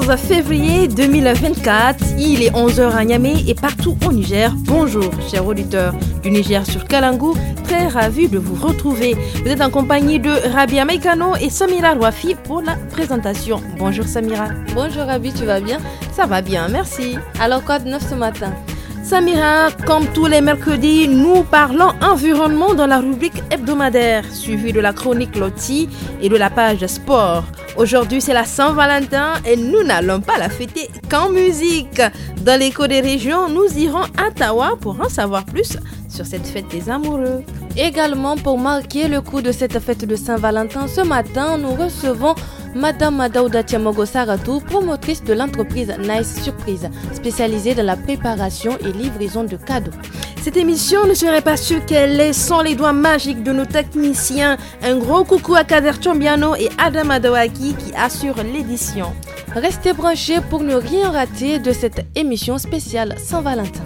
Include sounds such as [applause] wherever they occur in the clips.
14 février 2024. Il est 11h à Niamey et partout au Niger. Bonjour, chers auditeurs du Niger sur Kalangou. Très ravi de vous retrouver. Vous êtes en compagnie de Rabia Meikano et Samira Rouafi pour la présentation. Bonjour Samira. Bonjour Rabi, tu vas bien Ça va bien, merci. Alors quoi de neuf ce matin Samira, comme tous les mercredis, nous parlons environnement dans la rubrique hebdomadaire, suivie de la chronique Loti et de la page sport. Aujourd'hui, c'est la Saint-Valentin et nous n'allons pas la fêter qu'en musique. Dans l'écho des régions, nous irons à Tawa pour en savoir plus sur cette fête des amoureux. Également, pour marquer le coup de cette fête de Saint-Valentin, ce matin, nous recevons Madame Madaouda Saratou promotrice de l'entreprise Nice Surprise, spécialisée dans la préparation et livraison de cadeaux. Cette émission ne serait pas sûre qu'elle est sans les doigts magiques de nos techniciens. Un gros coucou à Kader Chambiano et Adam Adawaki qui assurent l'édition. Restez branchés pour ne rien rater de cette émission spéciale Saint-Valentin.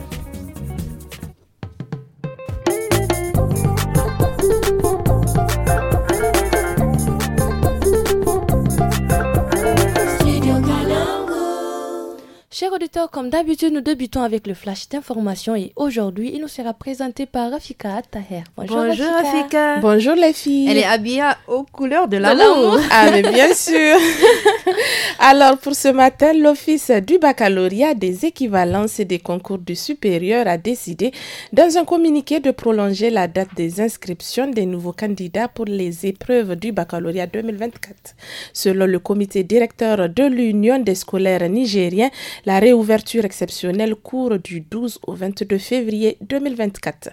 Chers auditeurs, comme d'habitude, nous débutons avec le flash d'information et aujourd'hui, il nous sera présenté par Rafika Attaher. Bonjour, Rafika. Bonjour les filles. Elle est habillée aux couleurs de la l'amour. Ah mais bien sûr. [laughs] Alors pour ce matin, l'Office du baccalauréat des équivalences et des concours du supérieur a décidé dans un communiqué de prolonger la date des inscriptions des nouveaux candidats pour les épreuves du baccalauréat 2024. Selon le comité directeur de l'Union des scolaires nigériens, la réouverture exceptionnelle court du 12 au 22 février 2024.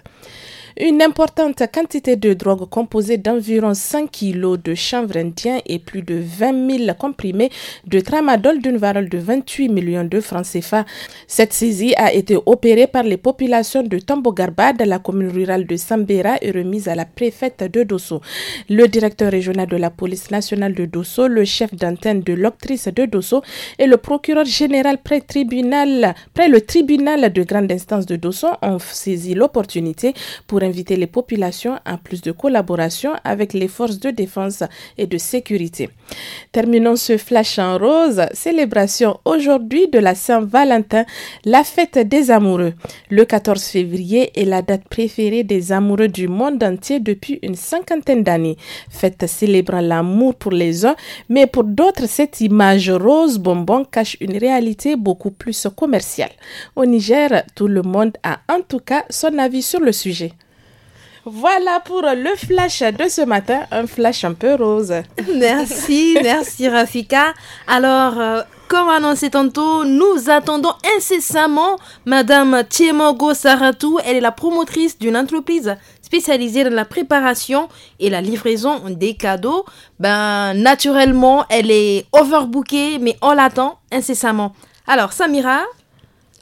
Une importante quantité de drogue composée d'environ 5 kilos de chanvre indien et plus de 20 000 comprimés de tramadol d'une valeur de 28 millions de francs CFA. Cette saisie a été opérée par les populations de Tambogarba dans la commune rurale de Sambera et remise à la préfète de Dosso. Le directeur régional de la police nationale de Dosso, le chef d'antenne de l'octrice de Dosso et le procureur général près, tribunal, près le tribunal de grande instance de Dosso ont saisi l'opportunité pour inviter les populations à plus de collaboration avec les forces de défense et de sécurité. Terminons ce flash en rose, célébration aujourd'hui de la Saint-Valentin, la fête des amoureux. Le 14 février est la date préférée des amoureux du monde entier depuis une cinquantaine d'années. Fête célébrant l'amour pour les uns, mais pour d'autres, cette image rose bonbon cache une réalité beaucoup plus commerciale. Au Niger, tout le monde a en tout cas son avis sur le sujet. Voilà pour le flash de ce matin, un flash un peu rose. Merci, [laughs] merci Rafika. Alors, euh, comme annoncé tantôt, nous attendons incessamment Madame Tiemogo Saratou. Elle est la promotrice d'une entreprise spécialisée dans la préparation et la livraison des cadeaux. Ben, naturellement, elle est overbookée, mais on l'attend incessamment. Alors, Samira,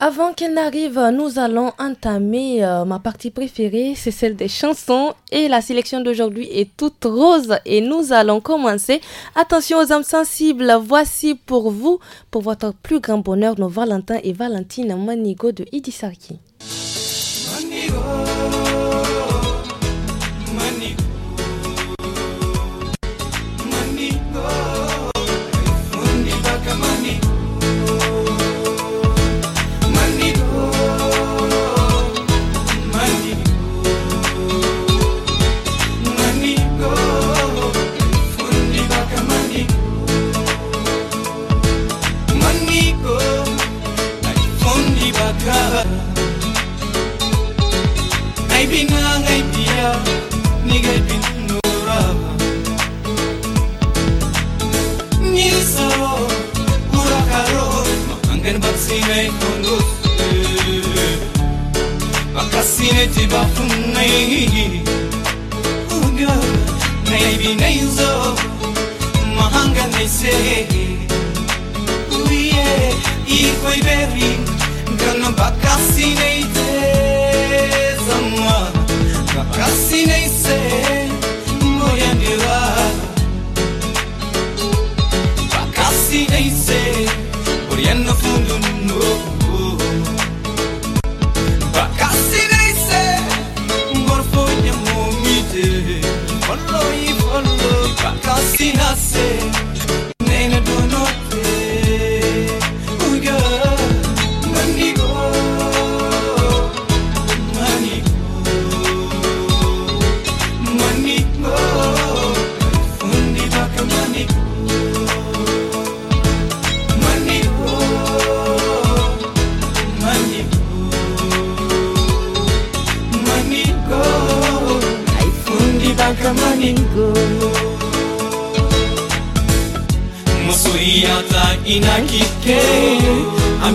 avant qu'elle n'arrive, nous allons entamer euh, ma partie préférée, c'est celle des chansons. Et la sélection d'aujourd'hui est toute rose. Et nous allons commencer. Attention aux âmes sensibles, voici pour vous, pour votre plus grand bonheur, nos Valentin et Valentine Manigo de Idissarki. Manigo. Akasine kundustu Akasine tibafunneyi Uga Neybi neyzo Mahanga neyseyi Uye Ikoi beri Gana bakasine ite Zama Bakasine ise nascer.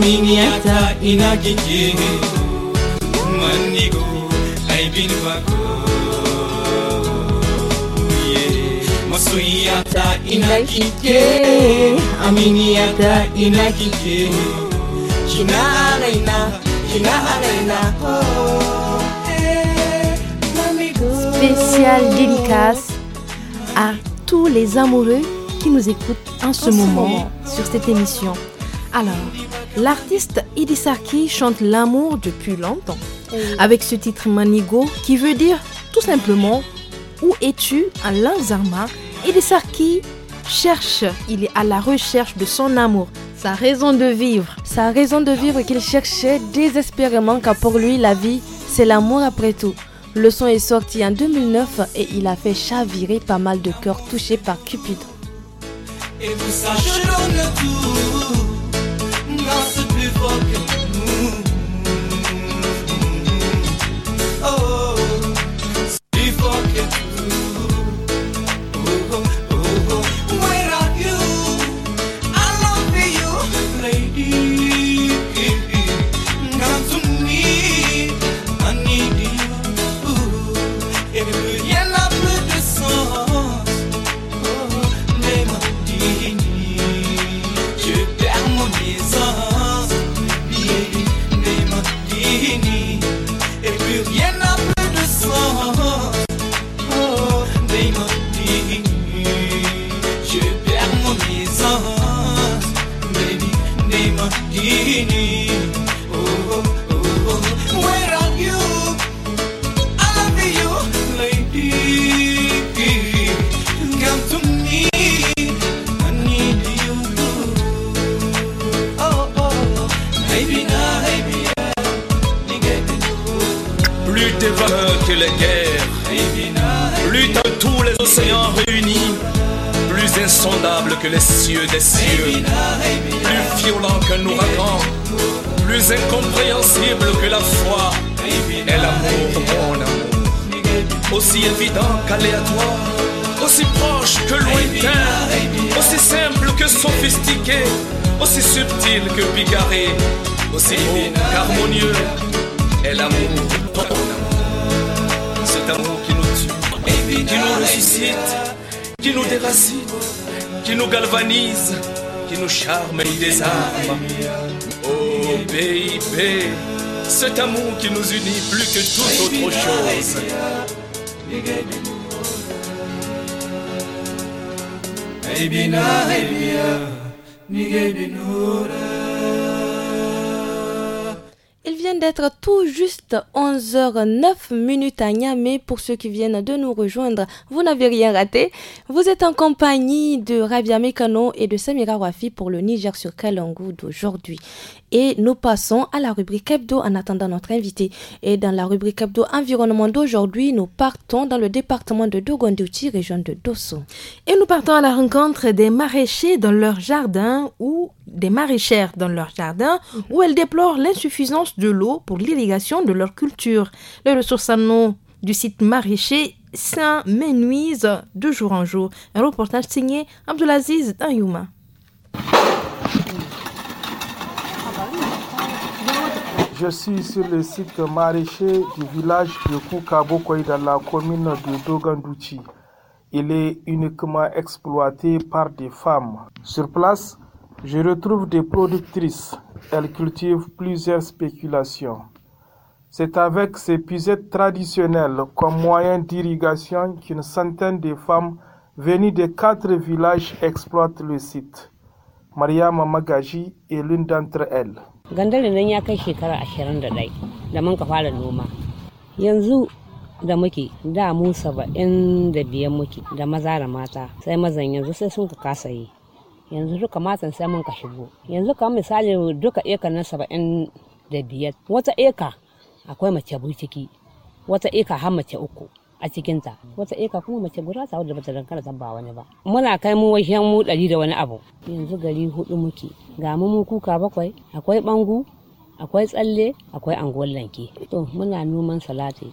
miniyata ina kike manigo aibin bako inakike ina kike aminiyata ina kike kina kina Spécial dédicace à tous les amoureux qui nous écoutent en ce, moment sur cette émission. Alors, L'artiste Sarki chante l'amour depuis longtemps, avec ce titre Manigo qui veut dire tout simplement Où es-tu en Lanzarma Sarki cherche, il est à la recherche de son amour, sa raison de vivre. Sa raison de vivre qu'il cherchait désespérément car pour lui la vie c'est l'amour après tout. Le son est sorti en 2009 et il a fait chavirer pas mal de cœurs touchés par Cupidon. Et fucking que Aussi harmonieux est l'amour. Cet amour qui nous tue, qui nous ressuscite, qui nous déracine, qui nous galvanise, qui nous charme et désarme. Oh baby, cet amour qui nous unit plus que toute autre chose. Baby, 11h09 minutes à Niamey. Pour ceux qui viennent de nous rejoindre, vous n'avez rien raté. Vous êtes en compagnie de Rabia Mekano et de Samira Wafi pour le Niger sur Kalangou d'aujourd'hui. Et nous passons à la rubrique hebdo en attendant notre invité. Et dans la rubrique hebdo environnement d'aujourd'hui, nous partons dans le département de Dogondouti, région de Dosso. Et nous partons à la rencontre des maraîchers dans leur jardin où des maraîchères dans leur jardin mhm. où elles déplorent l'insuffisance de l'eau pour l'irrigation de leur culture. Les ressources en eau du site maraîcher s'amenuisent de jour en jour. Un reportage signé Abdelaziz Tayouma. Je suis sur le site maraîcher du village de Koukabokoy dans la commune de Dogandouchi. Il est uniquement exploité par des femmes. Sur place, je retrouve des productrices, elles cultivent plusieurs spéculations. C'est avec ces puisettes traditionnelles comme moyen d'irrigation qu'une centaine de femmes venues de quatre villages exploitent le site. Maria Magaji est l'une d'entre elles. muke mata sai yanzu duka matsan sai mun ka shigo yanzu kamar misali duka eka na saba'in da biyar wata eka akwai mace bu ciki wata eka har mace uku a cikinta wata eka kuma mace guda ta wadda bata dankara ta ba wani ba muna kai mu wajen mu ɗari da wani abu yanzu gari hudu muke ga mu mu kuka bakwai akwai bangu akwai tsalle akwai anguwar lanke to muna noman salati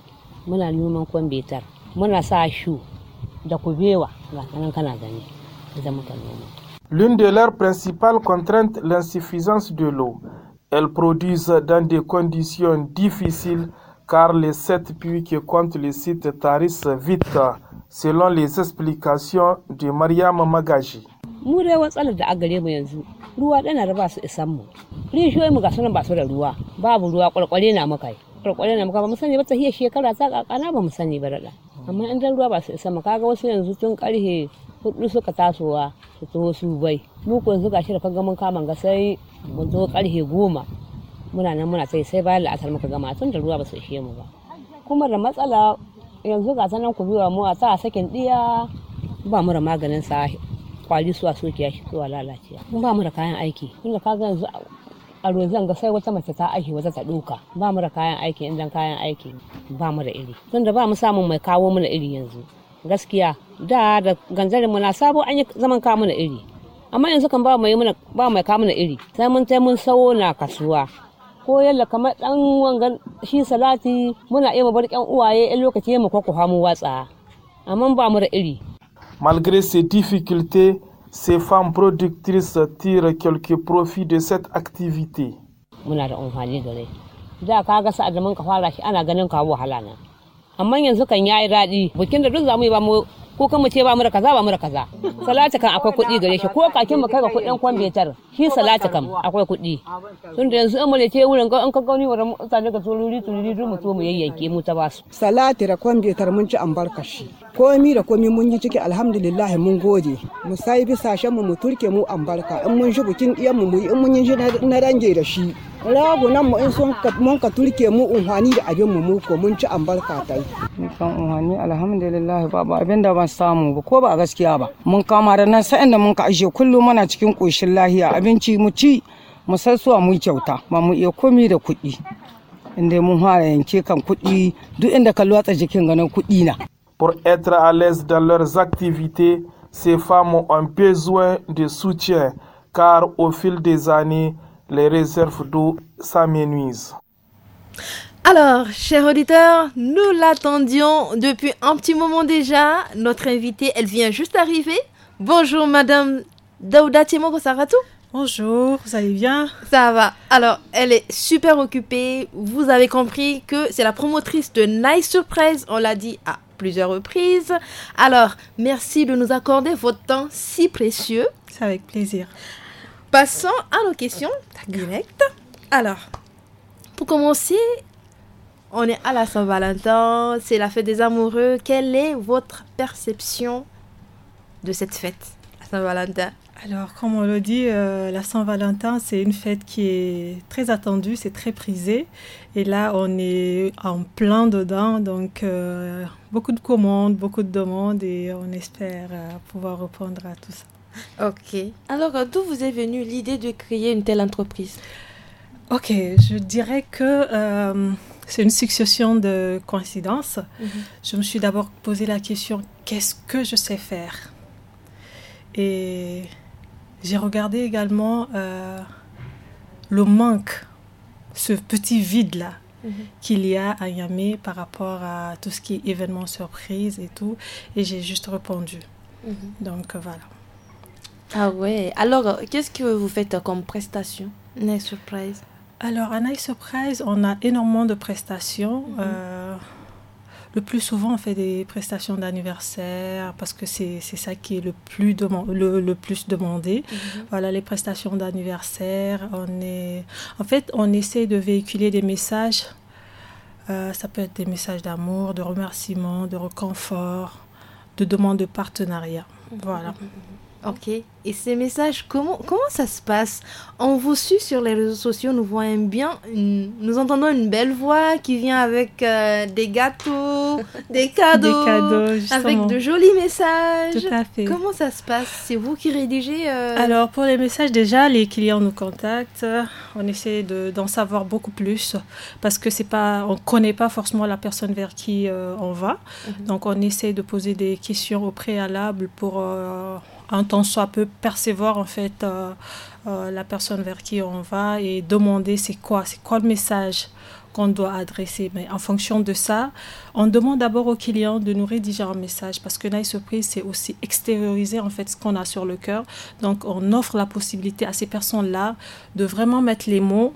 muna noman kwambetar muna sa shu da kubewa ga kana gani da muka noma L'une de leurs principales contraintes, l'insuffisance de l'eau, elles produisent dans des conditions difficiles car les sept puits qui comptent le site tarissent vite, selon les explications de Mariam Magaji. hudu suka tasowa su taho su bai mu kun suka shi da kaga mun kama ga sai mun zo karhe goma muna nan muna sai sai bayan la'asar muka gama tun da ruwa ba su ishe mu ba kuma da matsala yanzu ga sanan ku biwa mu a sa sakin diya ba mu da maganin sa kwali suwa sokiya shi zuwa lalaciya mun ba mu da kayan aiki tunda kaga yanzu a rozan ga sai wata mace ta aiki wata ta duka ba mu da kayan aiki inda kayan aiki ba mu da iri tunda ba mu samun mai kawo mu da iri yanzu gaskiya da da ganzarin mu na sabo an yi zaman kawo mana iri amma yanzu kan ba mai mana ba mai kawo mana iri sai mun sai mun sawo na kasuwa ko yalla kamar dan wangan shi salati muna iya bar ƴan uwaye in lokaci mu kwakwa mu watsa amma ba mu da iri malgré ces difficultés ces femmes productrices tirent quelques profits de cette activité muna da amfani da rai da ka ga sa'ad ka fara shi ana ganin kawo wahala na amma yanzu kan yayi radi bukin da duk zamu yi ba mu ko mu ce ba mu da kaza ba mu da kaza salati kan akwai kuɗi gare shi ko kakin mu kai ga kuɗin kwambetar shi salati kan akwai kuɗi tun da yanzu amule ce wurin ga an ka gauni wurin mutane ga tururi tururi mu to mu yayyake mu ta basu salati da kwambetar mun ci an barka shi. komi da komi mun yi ciki alhamdulillah mun gode mu sai bisa shan mu mu turke mu ambarka in mun shi bukin iyan mu in mun yi na range da shi nan mu in sun mun ka turke mu unhani da abin mu mu ko mun ci ambarka yi mun kan unhani alhamdulillah ba abin da ban samu ba ko ba gaskiya ba mun kama da nan sai da mun ka ashe kullum muna cikin koshin lahiya abinci mu ci mu sassuwa mu kyauta ba mu iya komi da kuɗi inda mun fara yanke kan kuɗi duk inda ka lwatsa jikin ganin kuɗi na Pour être à l'aise dans leurs activités, ces femmes ont un besoin de soutien car au fil des années, les réserves d'eau s'amenuisent. Alors, chers auditeurs, nous l'attendions depuis un petit moment déjà. Notre invitée, elle vient juste d'arriver. Bonjour, madame Daouda va Saratou. Bonjour, vous allez bien Ça va. Alors, elle est super occupée. Vous avez compris que c'est la promotrice de Nice Surprise. On l'a dit à plusieurs reprises. Alors, merci de nous accorder votre temps si précieux. C'est avec plaisir. Passons à nos questions directes. Alors, pour commencer, on est à la Saint-Valentin, c'est la fête des amoureux. Quelle est votre perception de cette fête, la Saint-Valentin alors, comme on le dit, euh, la Saint-Valentin, c'est une fête qui est très attendue, c'est très prisée. Et là, on est en plein dedans, donc euh, beaucoup de commandes, beaucoup de demandes et on espère euh, pouvoir répondre à tout ça. Ok. Alors, d'où vous est venue l'idée de créer une telle entreprise Ok, je dirais que euh, c'est une succession de coïncidences. Mhm. Je me suis d'abord posé la question qu'est-ce que je sais faire Et j'ai regardé également euh, le manque, ce petit vide-là Mhm. qu'il y a à Yamé par rapport à tout ce qui est événement surprise et tout. Et j'ai juste répondu. Mhm. Donc euh, voilà. Ah ouais. Alors, euh, qu'est-ce que vous faites comme prestation Night Surprise Alors, à Night Surprise, on a énormément de prestations. Mhm. Euh, le plus souvent, on fait des prestations d'anniversaire parce que c'est ça qui est le plus, demandé. Mhm. Voilà, les prestations d'anniversaire. On est... En fait, on essaie de véhiculer des messages. Euh, ça peut être des messages d'amour, de remerciement, de reconfort, de demande de partenariat. Mhm. Voilà. Mhm, Ok. Et ces messages, comment, comment ça se passe On vous suit sur les réseaux sociaux, nous voyons bien, nous entendons une belle voix qui vient avec euh, des gâteaux, [laughs] des cadeaux, avec de jolis messages. Tout à fait. Comment ça se passe C'est vous qui rédigez euh? Alors, pour les messages, déjà, les clients nous contactent. On essaie d'en savoir beaucoup plus parce que c'est pas, on ne connaît pas forcément la personne vers qui euh, on va. Mhm. Donc, on essaie de poser des questions au préalable pour un temps soit peu percevoir en fait euh, euh, la personne vers qui on va et demander c'est quoi, c'est quoi le message qu'on doit adresser. Mais en fonction de ça, on demande d'abord au client de nous rédiger un message parce que Nice Surprise, c'est aussi extérioriser en fait ce qu'on a sur le cœur. Donc, on offre la possibilité à ces personnes-là de vraiment mettre les mots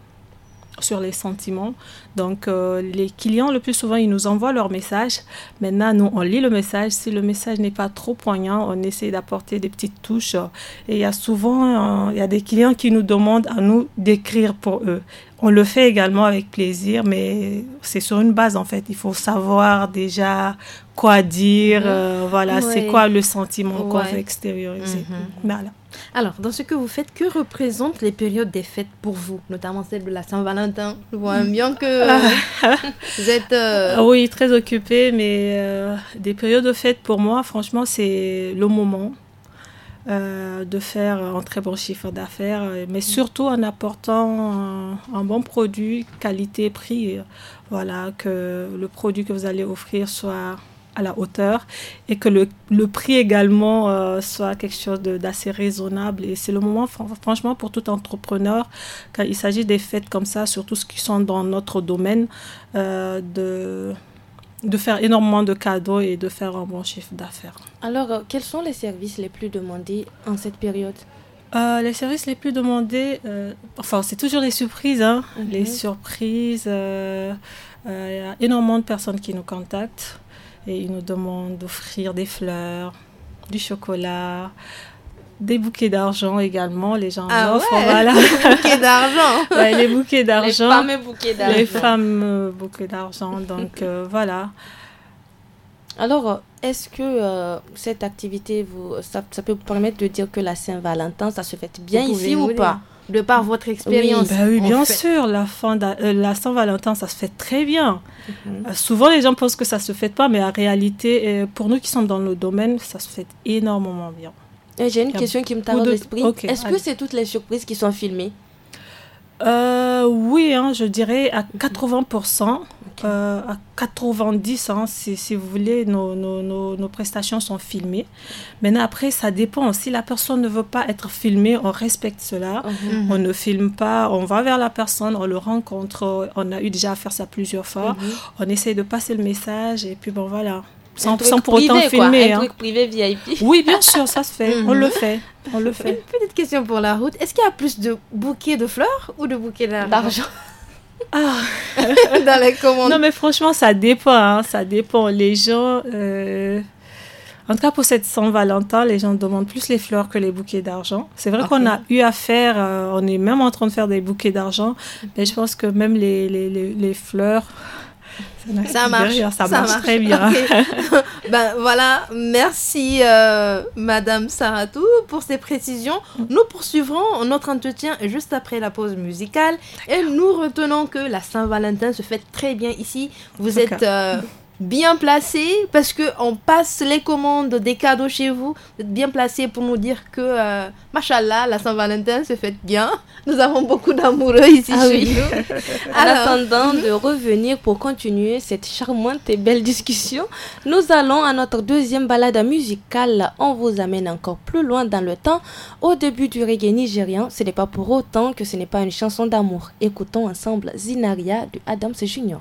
sur les sentiments. Donc, euh, les clients, le plus souvent, ils nous envoient leur message. Maintenant, nous, on lit le message. Si le message n'est pas trop poignant, on essaie d'apporter des petites touches. Et il y a souvent, euh, il y a des clients qui nous demandent à nous d'écrire pour eux. On le fait également avec plaisir, mais c'est sur une base en fait. Il faut savoir déjà quoi dire, euh, voilà, c'est quoi le sentiment qu'on veut extérioriser. Mhm. Voilà. Alors, dans ce que vous faites, que représentent les périodes des fêtes pour vous, notamment celle de la Saint-Valentin Je vois bien que ah. [laughs] vous êtes... Euh, oui, très occupée, mais euh, des périodes de fêtes pour moi, franchement, c'est le moment. Euh, de faire un très bon chiffre d'affaires, mais surtout en apportant un bon produit, qualité, prix. Voilà, que le produit que vous allez offrir soit à la hauteur et que le, le prix également euh, soit quelque chose d'assez raisonnable. Et c'est le moment, franchement, pour tout entrepreneur, quand il s'agit des fêtes comme ça, surtout ce qui sont dans notre domaine, euh, de de faire énormément de cadeaux et de faire un bon chiffre d'affaires. Alors, euh, quels sont les services les plus demandés en cette période les services les plus demandés, enfin, c'est toujours les surprises. Hein. Mhm. Les surprises, il y a énormément de personnes qui nous contactent et ils nous demandent d'offrir des fleurs, du chocolat, des bouquets d'argent également. Les gens ah offrent, voilà. [laughs] Les bouquets d'argent. [laughs] les fameux bouquets d'argent. Donc euh, [laughs] voilà. Alors, est-ce que euh, cette activité, vous, ça, peut vous permettre de dire que la Saint-Valentin, ça se fait bien ici ou pas de par votre expérience. Bah oui, oui bien sûr, la, fin de, euh, la Saint-Valentin, ça se fait très bien. Mhm. Euh, souvent, les gens pensent que ça se fait pas, mais en réalité, euh, pour nous qui sommes dans le domaine, ça se fait énormément bien. J'ai une question qui me tarde l'esprit. Est-ce que c'est toutes les surprises qui sont filmées euh, oui, hein, je dirais à 80%, euh, à 90%, hein, si, vous voulez, nos, prestations sont filmées. Maintenant, après, ça dépend. Si la personne ne veut pas être filmée, on respecte cela. Mhm. Mhm. On ne filme pas, on va vers la personne, on le rencontre. On a eu déjà à faire ça plusieurs fois. Mhm. On essaye de passer le message et puis bon, voilà sans, pour autant filmer. Un hein. truc privé VIP. Oui, bien sûr, ça se fait. [laughs] On le fait. On le fait. Une petite question pour la route. Est-ce qu'il y a plus de bouquets de fleurs ou de bouquets d'argent [laughs] ah. [laughs] dans les commandes. Non, mais franchement, ça dépend. Hein. ça dépend. Les gens. Euh, en tout cas, pour cette Saint-Valentin, les gens demandent plus les fleurs que les bouquets d'argent. C'est vrai qu'on a eu à faire, euh, on est même en train de faire des bouquets d'argent, mais je pense que même les fleurs, ça marche. ça, marche. très bien. [laughs] ben voilà, merci euh, Madame Saratou pour ces précisions. Nous poursuivrons notre entretien juste après la pause musicale et nous retenons que la Saint-Valentin se fait très bien ici. Vous êtes bien placé parce que on passe les commandes des cadeaux chez vous. Vous êtes bien placé pour nous dire que, euh, mashallah machallah, la Saint-Valentin se fait bien. Nous avons beaucoup d'amoureux ici ah chez nous. [laughs] en attendant de revenir pour continuer cette charmante et belle discussion, nous allons à notre deuxième balade musicale. On vous amène encore plus loin dans le temps, au début du reggae nigérian. Ce n'est pas pour autant que ce n'est pas une chanson d'amour. Écoutons ensemble Zinaria de Adams Junior.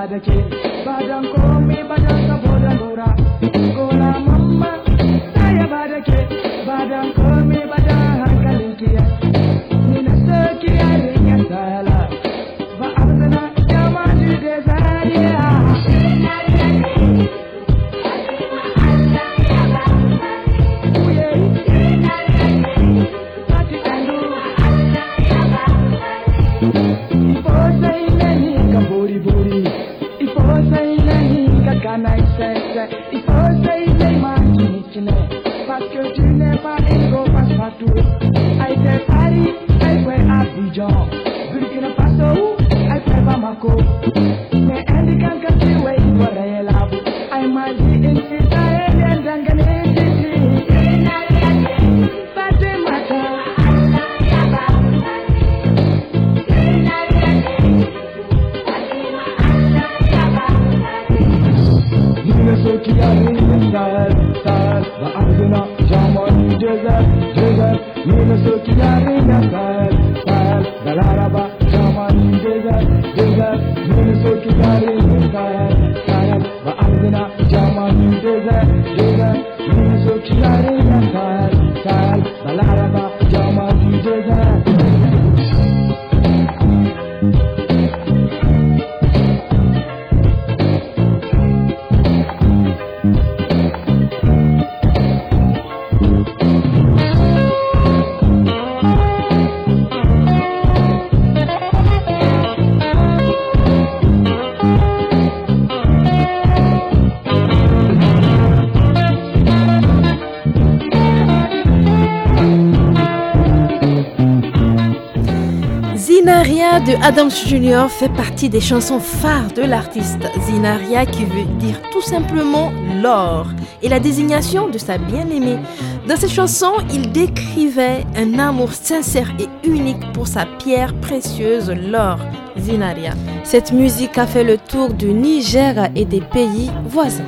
Canada King. de Adams Jr. fait partie des chansons phares de l'artiste. Zinaria qui veut dire tout simplement l'or et la désignation de sa bien-aimée. Dans cette chanson, il décrivait un amour sincère et unique pour sa pierre précieuse, l'or, Zinaria. Cette musique a fait le tour du Niger et des pays voisins.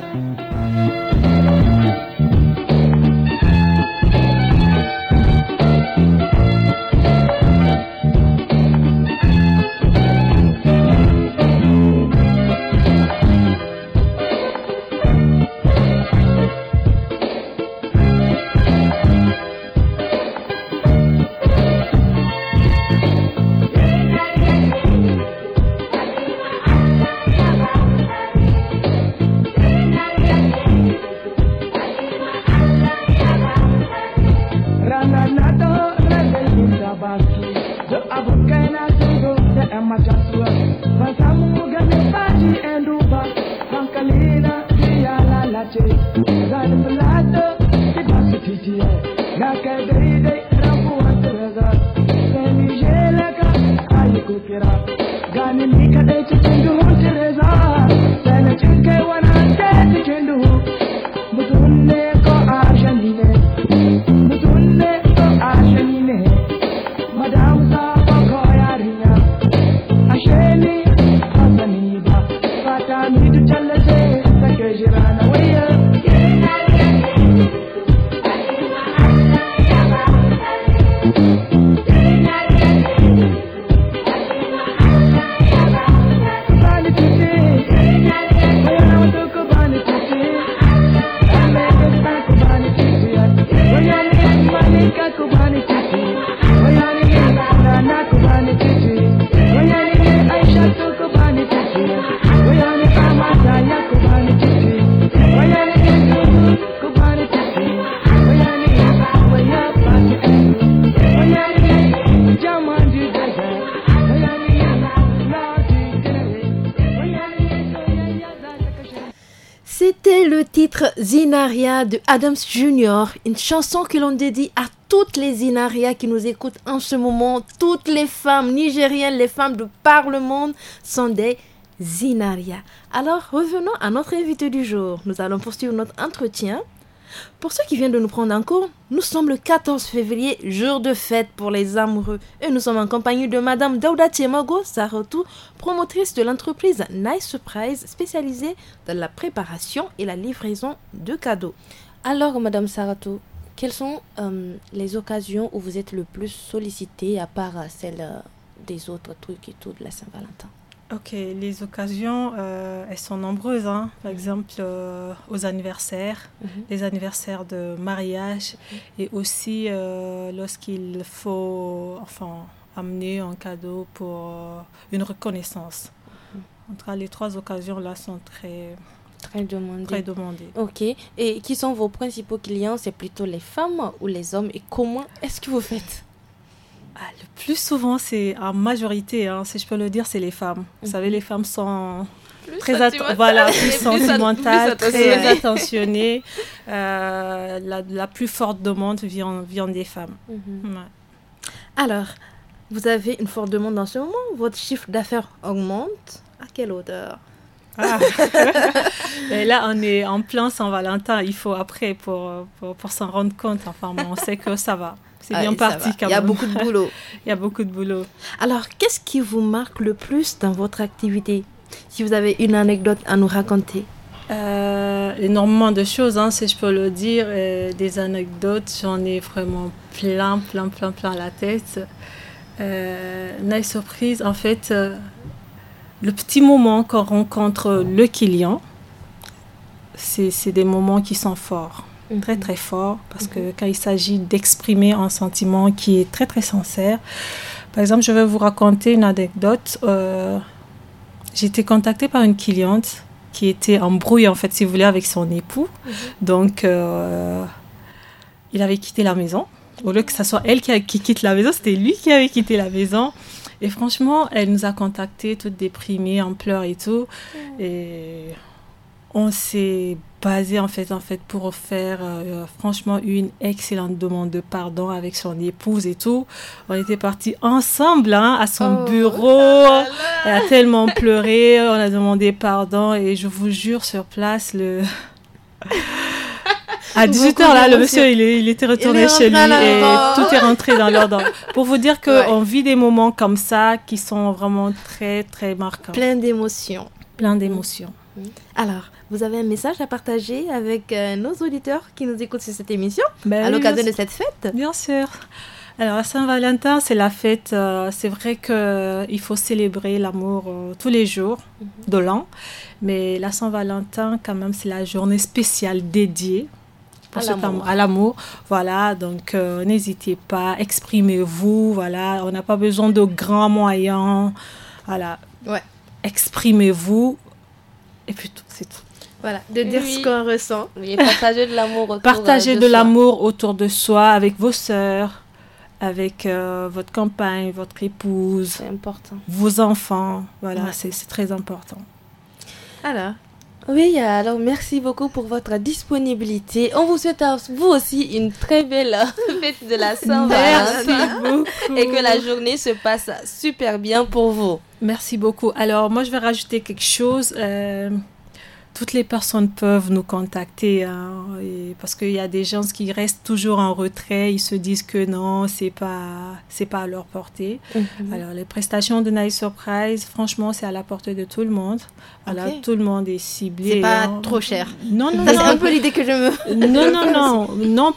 Zinaria de Adams Junior, une chanson que l'on dédie à toutes les zinarias qui nous écoutent en ce moment. Toutes les femmes nigériennes, les femmes de par le monde sont des Zinaria. Alors revenons à notre invité du jour. Nous allons poursuivre notre entretien pour ceux qui viennent de nous prendre en cours, nous sommes le 14 février, jour de fête pour les amoureux. Et nous sommes en compagnie de Madame Dauda Tiemogo Sarotou, promotrice de l'entreprise Nice Surprise, spécialisée dans la préparation et la livraison de cadeaux. Alors, Madame Saratou, quelles sont euh, les occasions où vous êtes le plus sollicitée, à part euh, celle euh, des autres trucs et tout de la Saint-Valentin Ok, les occasions, euh, elles sont nombreuses. Hein. Par mhm. exemple, euh, aux anniversaires, mhm. les anniversaires de mariage, mhm. et aussi euh, lorsqu'il faut enfin, amener un cadeau pour une reconnaissance. En tout cas, les trois occasions-là sont très, Très Ok. Et qui sont vos principaux clients C'est plutôt les femmes ou les hommes Et comment est-ce que vous faites ah, le plus souvent, c'est en majorité, hein, si je peux le dire, c'est les femmes. Vous mhm. savez, les femmes sont très attentionnées. Euh, la, plus forte demande vient, des femmes. Mhm. Alors, vous avez une forte demande en ce moment, votre chiffre d'affaires augmente. À quelle hauteur ah. [laughs] [laughs] Et là, on est en plein Saint-Valentin. Il faut après pour, pour s'en rendre compte. Enfin, on sait que ça va. C'est bien ah, parti quand Il y a beaucoup de boulot. [laughs] Il y a beaucoup de boulot. Alors, qu'est-ce qui vous marque le plus dans votre activité Si vous avez une anecdote à nous raconter. Euh, énormément de choses, hein, si je peux le dire. Euh, des anecdotes, j'en ai vraiment plein, plein, plein, plein la tête. Euh, nice surprise, en fait, le petit moment qu'on rencontre le client, c'est des moments qui sont forts très mhm. très fort, parce que mhm. quand il s'agit d'exprimer un sentiment qui est très très sincère, par exemple, je vais vous raconter une anecdote. Euh, J'ai été contactée par une cliente qui était en brouille, en fait, si vous voulez, avec son époux. Mhm. Donc, euh, il avait quitté la maison. Au lieu que ce soit elle qui, quitte la maison, c'était lui qui avait quitté la maison. Et franchement, elle nous a contacté toute déprimée en pleurs et tout. Oh. Et on s'est basé en fait, en fait pour faire euh, franchement une excellente demande de pardon avec son épouse et tout. On était partis ensemble hein, à son oh, bureau. Oh Elle a tellement pleuré, on a demandé pardon et je vous jure sur place le [laughs] À 18h, là, le monsieur, il, est, il était retourné chez lui et tout est rentré dans l'ordre. Pour vous dire qu'on vit des moments comme ça qui sont vraiment très, très marquants. Plein d'émotions. Plein d'émotions. Mm. Alors, vous avez un message à partager avec euh, nos auditeurs qui nous écoutent sur cette émission ben à l'occasion de cette fête Bien sûr. Alors, la Saint-Valentin, c'est la fête. Euh, c'est vrai qu'il euh, faut célébrer l'amour tous les jours mhm. de l'an. Mais la Saint-Valentin, quand même, c'est la journée spéciale dédiée à l'amour. Voilà, donc n'hésitez pas, exprimez-vous. Voilà, on n'a pas besoin de grands moyens. Voilà. Ouais. Exprimez-vous. Et puis, c'est tout. Voilà, de dire ce qu'on ressent. Oui, partager de l'amour autour de euh, Partager de, l'amour autour de soi, avec vos sœurs, avec euh, votre compagne, votre épouse. important. Vos enfants, voilà, c'est très important. Alors, oui, alors merci beaucoup pour votre disponibilité. On vous souhaite à vous aussi une très belle [laughs] fête de la saint beaucoup. Et que la journée se passe super bien pour vous. Merci beaucoup. Alors moi, je vais rajouter quelque chose. Euh, toutes les personnes peuvent nous contacter hein, parce qu'il y a des gens qui restent toujours en retrait, ils se disent que non, c'est pas c'est pas à leur portée. Mhm. Alors les prestations de Nice Surprise, franchement, c'est à la portée de tout le monde. Alors tout le monde est ciblé. C'est pas hein. trop cher. Non non. c'est un peu l'idée que je me. non non non non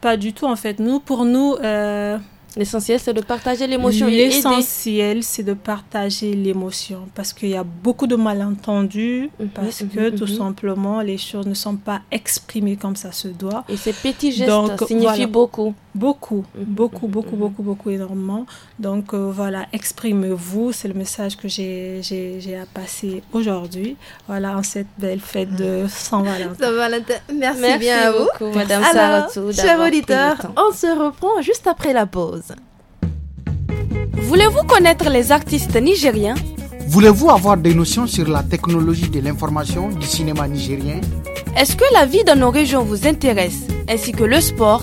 pas, du tout en fait. Nous pour nous euh, L'essentiel, c'est de partager l'émotion. L'essentiel, c'est de partager l'émotion parce qu'il y a beaucoup de malentendus, mhm, parce mhm, que mhm, tout simplement, les choses ne sont pas exprimées comme ça se doit. Et ces petits gestes signifient beaucoup. Mhm. Mhm. Beaucoup, beaucoup, beaucoup, mhm. beaucoup, beaucoup, énormément. Donc euh, voilà, exprimez-vous, c'est le message que j'ai à passer aujourd'hui. Voilà, en cette belle fête de Saint-Valentin. Saint-Valentin, merci, beaucoup, à vous. Madame Alors, chers auditeurs, on se reprend juste après la pause. Voulez-vous connaître les artistes nigériens Voulez-vous avoir des notions sur la technologie de l'information du cinéma nigérien Est-ce que la vie dans nos régions vous intéresse, ainsi que le sport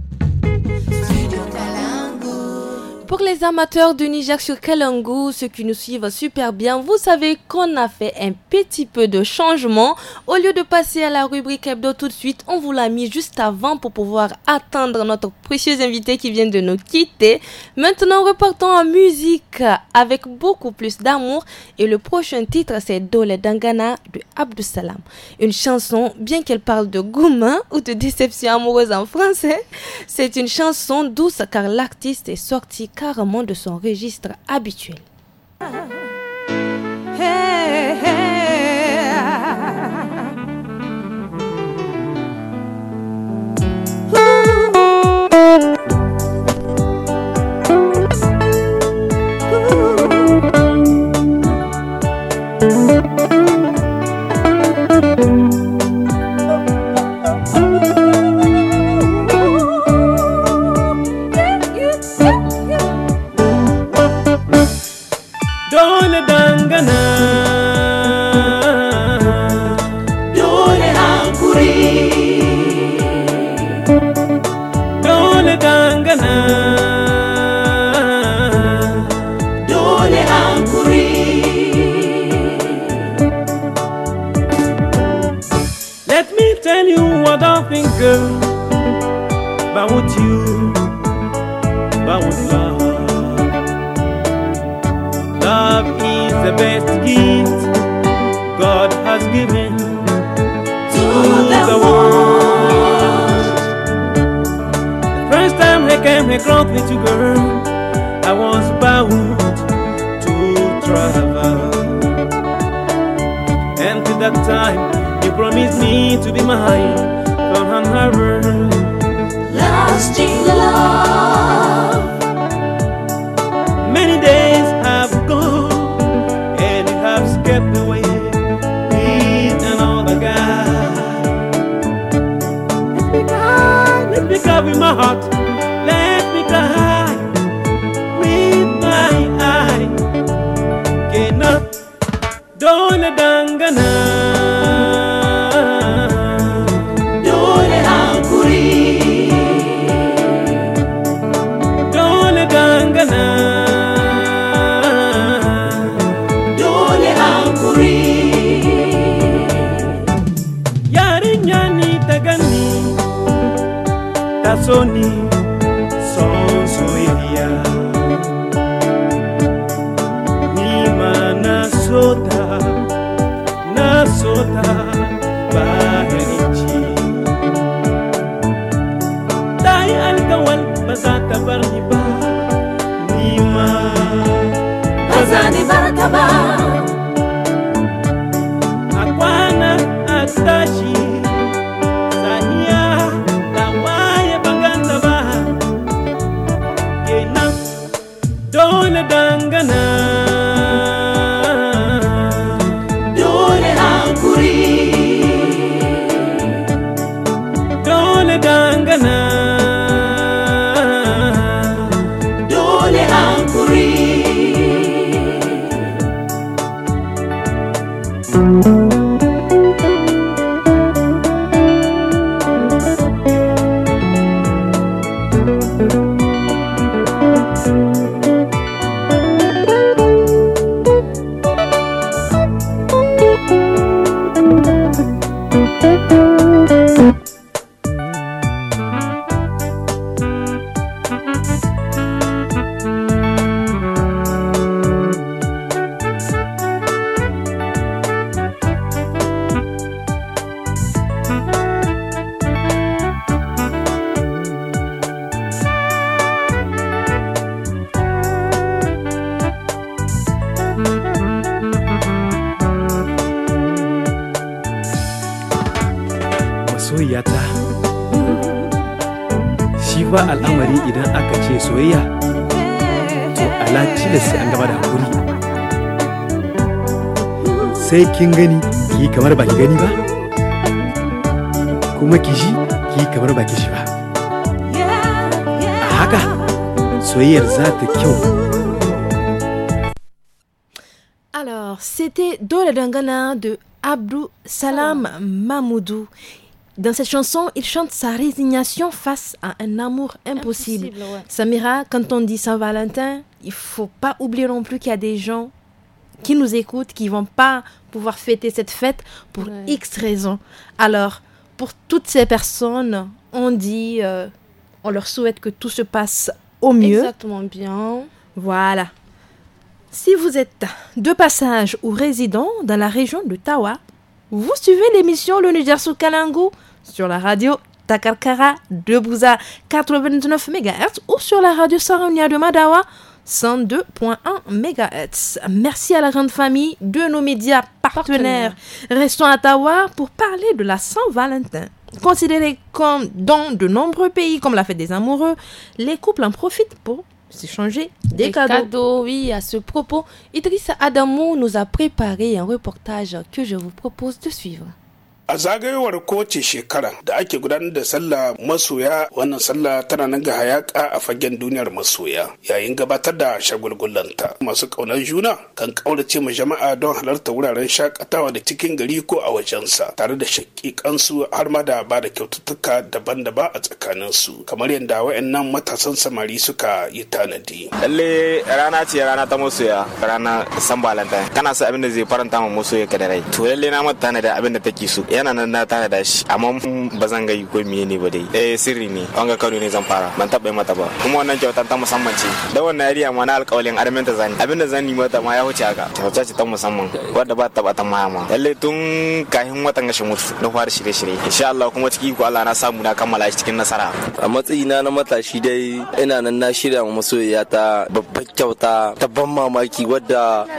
Pour les amateurs du Niger sur Kalangu, ceux qui nous suivent super bien, vous savez qu'on a fait un petit peu de changement. Au lieu de passer à la rubrique hebdo tout de suite, on vous l'a mis juste avant pour pouvoir attendre notre précieux invité qui vient de nous quitter. Maintenant, repartons en musique avec beaucoup plus d'amour et le prochain titre c'est Dole Dangana de Abdou Salam. Une chanson, bien qu'elle parle de gourmand ou de déception amoureuse en français, c'est une chanson douce car l'artiste est sorti de son registre habituel. tell you what I think about you, about love. Love is the best gift God has given to the, world. The first time he came, he called me you girl. I was bound to travel, and to that time promised me to be mine from an harbor. Lasting love. Many days have gone and you have skipped away with another guy. Let me cry, let me cry with my heart. Let me cry with my eye. Cannot, don't let dangana. dangana d'un de Abdou Salam Mamoudou. Dans cette chanson, il chante sa résignation face à un amour impossible. Samira, quand on dit Saint-Valentin, il faut pas oublier non plus qu'il y a des gens qui nous écoutent, qui vont pas pouvoir fêter cette fête pour X raisons. Alors, pour toutes ces personnes, on dit, euh, on leur souhaite que tout se passe au mieux. Exactement bien. Voilà. Si vous êtes de passage ou résident dans la région de Tawa, vous suivez l'émission L'Universo Kalangu sur la radio Takarkara de Bouza 89 MHz ou sur la radio Saronia de Madawa 102.1 MHz. Merci à la grande famille de nos médias partenaires. Restons à Tawa pour parler de la Saint-Valentin. Considérée comme dans de nombreux pays comme la fête des amoureux, les couples en profitent pour s'échanger des, des cadeaux. Oui, à ce propos, Idrissa Adamou nous a préparé un reportage que je vous propose de suivre. a zagayowar kowace shekara da ake gudanar da sallah masoya wannan sallah tana nan ga hayaka a fagen duniyar masoya yayin gabatar da shagulgulanta masu ƙaunar juna kan ƙaurace ma jama'a don halarta wuraren shakatawa da cikin gari ko a wajensa tare da shakikansu har ma da ba da kyaututtuka daban-daban a tsakaninsu kamar yadda wayannan matasan samari suka yi tanadi. lalle rana ce rana ta masoya rana san kana sa abin da zai faranta ma masoya ka da rai to lalle na mata tanadi abin da take so yana nan na tana da shi amma ba zan ga ko miye ne ba dai eh sirri ne an ga kano ne zan fara ban taba mata ba kuma wannan kyautar ta musamman ce da wannan yariya ma na alƙawalin armen ta zani abinda zan yi mata ma ya wuce haka kyauta ce ta musamman wadda ba ta bata ma lalle tun kahin watan gashin mutu na fara shirye-shirye insha Allah kuma ciki ko Allah na samu na kammala shi cikin nasara a matsayina na matashi dai ina nan na shirya ma masoyiya ta babban kyauta ta ban mamaki wadda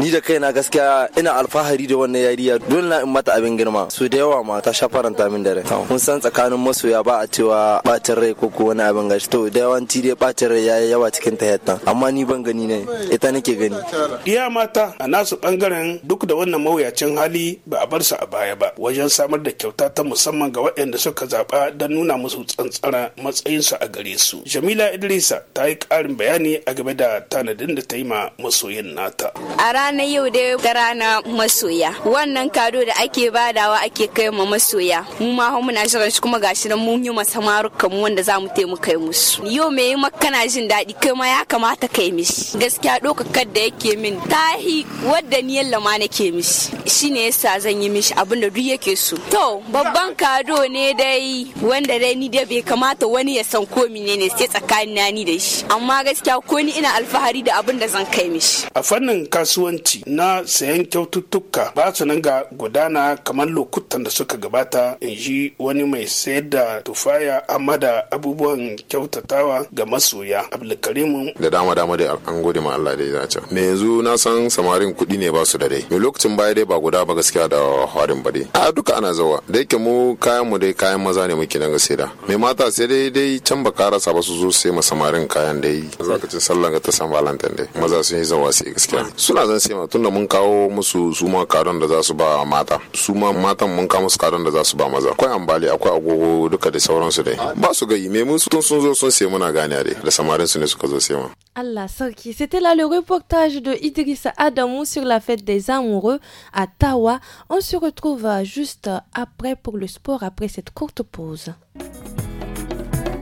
ni da kaina gaskiya ina alfahari da wannan yariya dole na in mata abin girma su da yawa ma ta sha faranta min da rai mun san tsakanin masoya ba a cewa bacin rai ko wani abin gashi to da yawanci dai bacin rai yayi yawa cikin tahiyyata amma ni ban gani ne ita nake gani iya mata a nasu bangaren duk da wannan mawuyacin hali ba a bar su a baya ba wajen samar da kyauta ta musamman ga waɗanda suka zaba don nuna musu tsantsara matsayin su a gare su jamila idrisa ta yi karin bayani a game da tanadin da ta yi ma masoyin nata a ranar yau dai ta rana masoya wannan kado da ake bada shiryawa ake kai ma masoya mu ma muna shirin shi kuma gashi nan mun yi masamarukan mu wanda zamu taimaka musu yau me yi maka kana jin daɗi kai ma ya kamata kai mishi gaskiya ɗaukakar da yake min tahi wadda ni ma nake mishi shine yasa zan yi mishi abin da duk yake so to babban kado ne dai wanda dai ni dai bai kamata wani ya san ko ne sai tsakanin ni da shi amma gaskiya ko ni ina alfahari da abin da zan kai mishi a fannin kasuwanci na sayan kyaututtuka ba su nan ga gudana kamar lokutan da suka gabata in ji wani mai sayar da tufaya amma da abubuwan kyautatawa ga masoya abdulkarimu da dama dama dai an gode ma Allah dai zace me yanzu na san samarin kuɗi ne ba su da dai me lokacin baya dai ba guda ba gaskiya da harin ba dai a duka ana zawa da yake mu kayan mu dai kayan maza ne muke nan gaskiya da me mata sai dai dai can ba karasa ba su zo sai ma samarin kayan dai lokacin sallan ga ta san balantan dai maza sun yi zawa sai gaskiya suna zan sai ma tunda mun kawo musu su ma karon da za su ba mata su ma matan mun kama su karon da za su ba maza akwai ambali akwai agogo duka da sauransu dai ba su gayi me mun sun zo sun sai muna gane dai da samarin su ne suka zo sai ma Allah sarki c'était là le reportage de Idrissa Adamou sur la fête des amoureux à Tawa on se retrouve juste après pour le sport après cette courte pause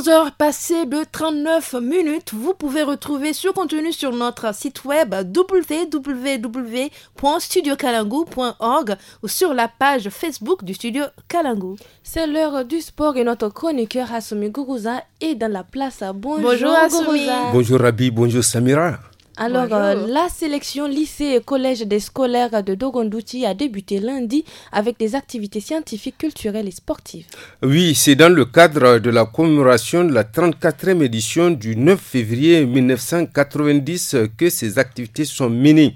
11h passées de 39 minutes, vous pouvez retrouver ce contenu sur notre site web www.studiocalangu.org ou sur la page Facebook du Studio Kalangu. C'est l'heure du sport et notre chroniqueur Asumi Gourouza est dans la place. Bonjour, bonjour Bonjour Rabi, bonjour Samira. Alors, euh, la sélection lycée et collège des scolaires de Dogondouti a débuté lundi avec des activités scientifiques, culturelles et sportives. Oui, c'est dans le cadre de la commémoration de la 34e édition du 9 février 1990 que ces activités sont menées.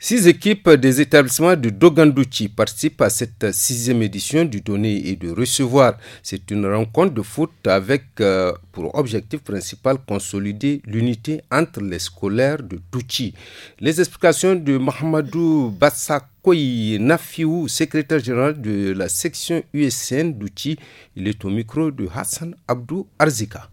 Six équipes des établissements de Dogandouchi participent à cette sixième édition du Donner et de Recevoir. C'est une rencontre de foot avec euh, pour objectif principal consolider l'unité entre les scolaires de Douchi. Les explications de Mahamadou Bassakoyi, Nafiou, secrétaire général de la section USN Douchi, il est au micro de Hassan Abdou Arzika.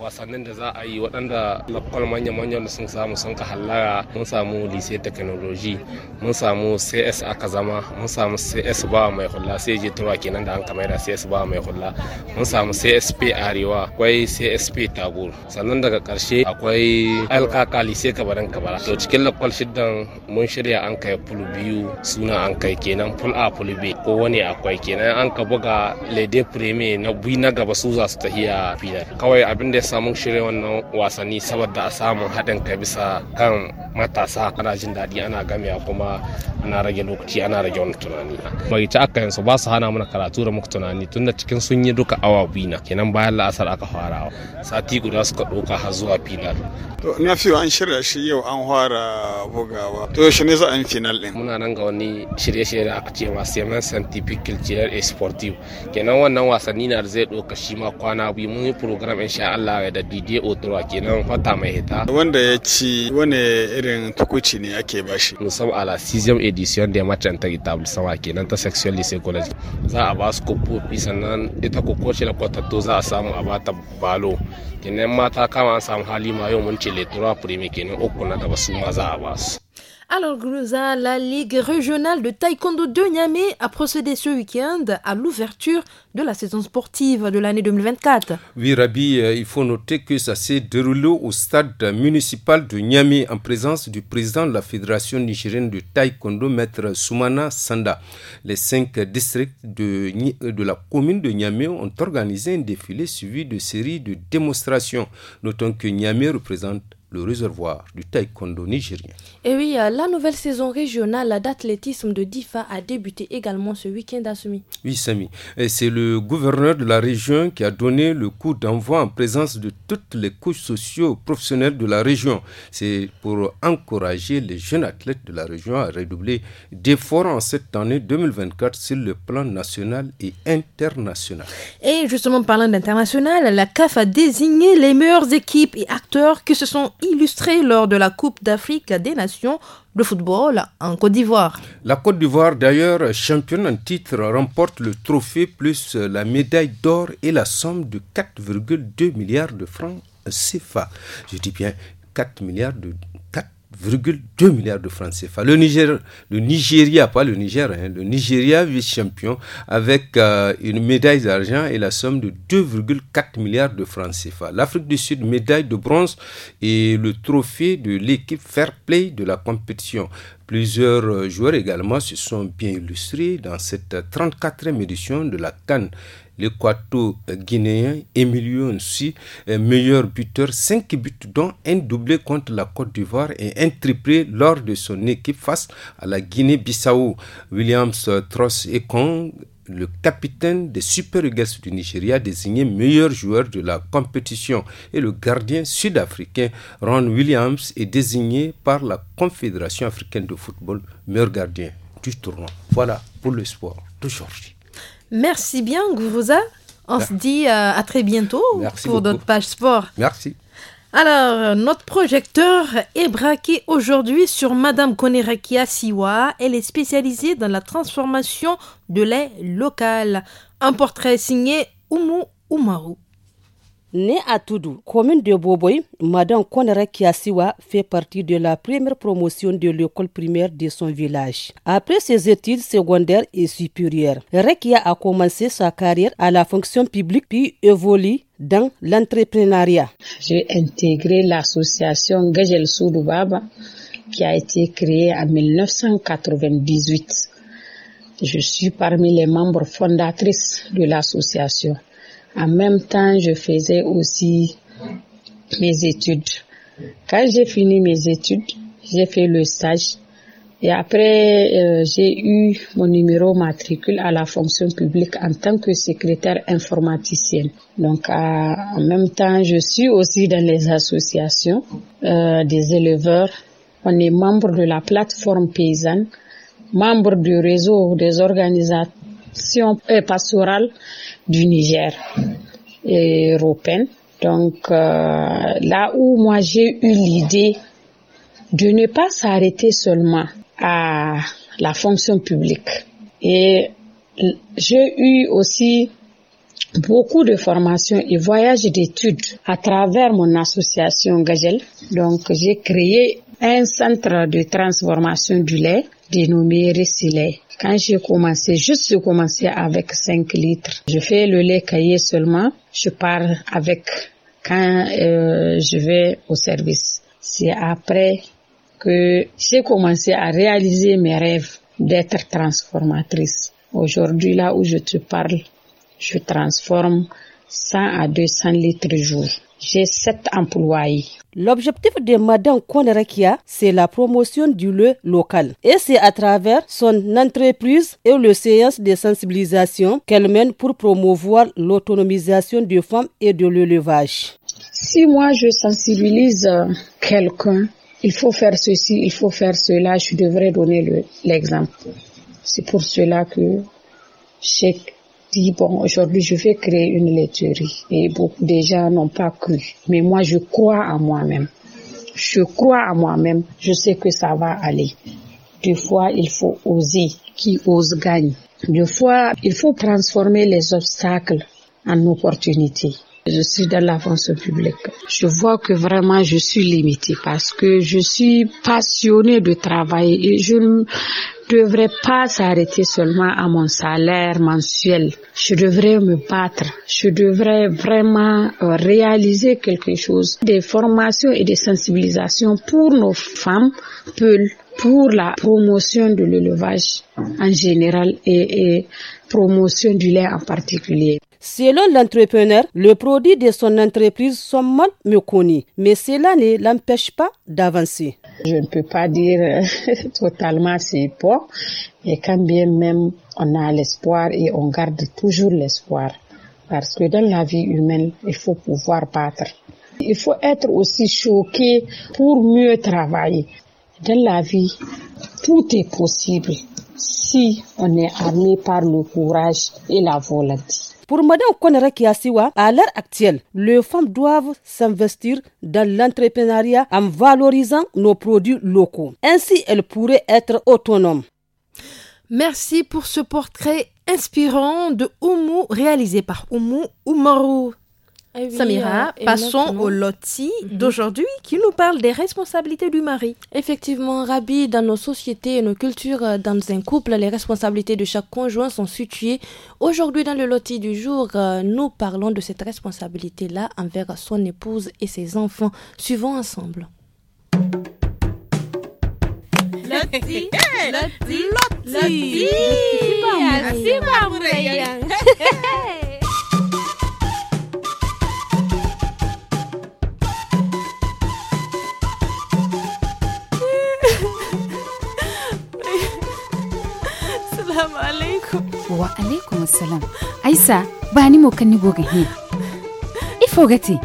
wasannin da za a yi waɗanda lokal manya-manyan sun samu sun ka hallara mun samu lise technology mun samu cs aka zama mun samu cs ba mai hula sai je turwa kenan da an kamar da cs ba mai hula mun samu csp arewa akwai csp tagu sannan daga karshe akwai alkaka lise kabarin kabara to cikin lokal shiddan mun shirya an kai pul biyu suna an kai kenan pul a pul b ko wani akwai kenan an ka buga lede premier na biyu na gaba su za su tafiya. finar kawai abin da samu shirya wannan wasanni saboda a samu haɗin kai bisa kan matasa ana jin daɗi ana gamewa kuma ana rage lokaci ana rage wani tunani bai ta aka yansu ba su hana mana karatu da muku tunani tun da cikin sun yi duka awa biyu na kenan bayan la'asar aka farawa sati guda suka ɗauka har zuwa final to na fi an shirya shi yau an fara bugawa to yaushe ne za a yi final din muna nan ga wani shirye-shirye da aka ce masu yaman scientific cultural sportive kenan wannan wasanni na da zai ɗauka shi ma kwana biyu mun yi program insha Allah muna da didier otrowa kenan wata mai hita wanda ya ci wani irin tukuci ne ake bashi musamman ala la edition da match inter sama kenan ta sexual lycée college za a basu su kofofi sannan ita ko kokoci da kwatatto za a samu a bata balo kenan mata kama an samu hali ma yau mun ce letura premier kenan uku na gaba su ma za a basu. Alors, la Ligue régionale de taekwondo de Niamey a procédé ce week-end à l'ouverture de la saison sportive de l'année 2024. Oui, Rabi, euh, il faut noter que ça s'est déroulé au stade municipal de Niamey en présence du président de la Fédération nigérienne de taekwondo, Maître Soumana Sanda. Les cinq districts de, euh, la commune de Niamey ont organisé un défilé suivi de séries de démonstrations. notant que Niamey représente le réservoir du taekwondo nigérien. Et oui, euh, la nouvelle saison régionale d'athlétisme de DIFA a débuté également ce week-end à Sumi. Oui, et C'est le gouverneur de la région qui a donné le coup d'envoi en présence de toutes les couches sociaux professionnelles de la région. C'est pour encourager les jeunes athlètes de la région à redoubler d'efforts en cette année 2024 sur le plan national et international. Et justement, parlant d'international, la CAF a désigné les meilleures équipes et acteurs qui se sont illustré lors de la Coupe d'Afrique des Nations de football en Côte d'Ivoire. La Côte d'Ivoire, d'ailleurs, championne en titre, remporte le trophée plus la médaille d'or et la somme de 4,2 milliards de francs CFA. Je dis bien 4 milliards de 4 2,2 milliards de francs CFA. Le, Niger, le Nigeria, pas le Niger, hein, le Nigeria vice-champion avec euh, une médaille d'argent et la somme de 2,4 milliards de francs CFA. L'Afrique du Sud, médaille de bronze et le trophée de l'équipe Fair Play de la compétition. Plusieurs euh, joueurs également se sont bien illustrés dans cette 34e euh, édition de la Cannes l'équato-guinéen euh, Emilio Nsi, euh, meilleur buteur, 5 buts dont un doublé contre la Côte d'Ivoire et un triplé lors de son équipe face à la Guinée-Bissau. Williams euh, Tross et Kong le capitaine des Super Eagles du Nigeria désigné meilleur joueur de la compétition et le gardien sud-africain Ron Williams est désigné par la Confédération africaine de football meilleur gardien du tournoi. Voilà pour le sport d'aujourd'hui. Merci bien, Gourouza. On se dit euh, à très bientôt pour d'autres notre sport. Merci. Alors, notre projecteur est braqué aujourd'hui sur Madame Konerakia Siwa. Elle est spécialisée dans la transformation de lait local. Un portrait signé Oumu Umaru. Né à Toudou, commune de Boboy, Madame Konara Kiasiwa fait partie de la première promotion de l'école primaire de son village. Après ses études secondaires et supérieures, Rekia a commencé sa carrière à la fonction publique puis évolue dans l'entrepreneuriat. J'ai intégré l'association Gajel Soudoubaba qui a été créée en 1998. Je suis parmi les membres fondatrices de l'association. En même temps, je faisais aussi mes études. Quand j'ai fini mes études, j'ai fait le stage. Et après, euh, j'ai eu mon numéro matricule à la fonction publique en tant que secrétaire informaticienne. Donc, en même temps, je suis aussi dans les associations euh, des éleveurs. On est membre de la plateforme paysanne, membre du réseau des organisateurs et pastorale du Niger européen Donc euh, là où moi j'ai eu l'idée de ne pas s'arrêter seulement à la fonction publique. Et j'ai eu aussi beaucoup de formations et voyages d'études à travers mon association Gagel. Donc j'ai créé un centre de transformation du lait dénommé Récilet. Quand j'ai commencé, juste j'ai commencé avec 5 litres. Je fais le lait caillé seulement. Je pars avec quand euh, je vais au service. C'est après que j'ai commencé à réaliser mes rêves d'être transformatrice. Aujourd'hui, là où je te parle, je transforme 100 à 200 litres jour. J'ai sept employés. L'objectif de Madame Konerakia, c'est la promotion du lieu local. Et c'est à travers son entreprise et le séance de sensibilisation qu'elle mène pour promouvoir l'autonomisation des femmes et de l'élevage. Si moi je sensibilise euh, quelqu'un, il faut faire ceci, il faut faire cela, je devrais donner l'exemple. c'est pour cela que chaque dit, bon, aujourd'hui, je vais créer une laiterie. Et beaucoup de gens n'ont pas cru. Mais moi, je crois en moi-même. Je crois en moi-même. Je sais que ça va aller. Des fois, il faut oser. Qui ose gagne. Des fois, il faut transformer les obstacles en opportunités je suis dans l'avance publique. Je vois que vraiment je suis limitée parce que je suis passionnée de travail et je ne devrais pas s'arrêter seulement à mon salaire mensuel. Je devrais me battre. Je devrais vraiment euh, réaliser quelque chose. Des formations et des sensibilisations pour nos femmes pour la promotion de l'élevage en général et, et promotion du lait en particulier. Selon l'entrepreneur, le produit de son entreprise sont mal mieux connus, mais cela ne l'empêche pas d'avancer. Je ne peux pas dire euh, [laughs] totalement c'est pas, et quand bien même on a l'espoir et on garde toujours l'espoir, parce que dans la vie humaine, il faut pouvoir battre. Il faut être aussi choqué pour mieux travailler. Dans la vie, tout est possible si on est armé par le courage et la volonté. Pour Madame Konara Asiwa, à l'heure actuelle, les femmes doivent s'investir dans l'entrepreneuriat en valorisant nos produits locaux. Ainsi, elles pourraient être autonomes. Merci pour ce portrait inspirant de Oumu réalisé par Oumu Oumaru. Eh Samira, euh, passons au loti mhm. d'aujourd'hui qui nous parle des responsabilités du mari. Effectivement, Rabi, dans nos sociétés et nos cultures, euh, dans un couple, les responsabilités de chaque conjoint sont situées. Aujourd'hui, dans le loti du jour, euh, nous parlons de cette responsabilité-là envers son épouse et ses enfants. Suivons ensemble. Loti, [laughs] loti, [laughs] assalamu alaikum wa alaikum assalam aisa ba ni mokan ni goga he ifo gati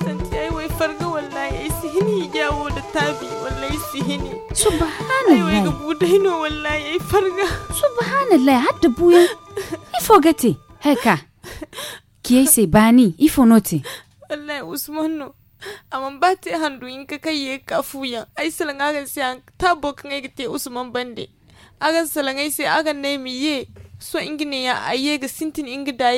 tanti ai wai farga wallahi ai sihini jawo da tabi wallahi sihini subhanallah ai wai ga budaino wallahi ai farga subhanallah har da buya. ifo gati heka ki ai sai bani ifo noti wallahi usmanu amma ba ta yi handu in ka kai ya yan. ai salangaran yan ta bokan ai ga te usman bande agan salangaysi aganay miye so inginaya ga sintin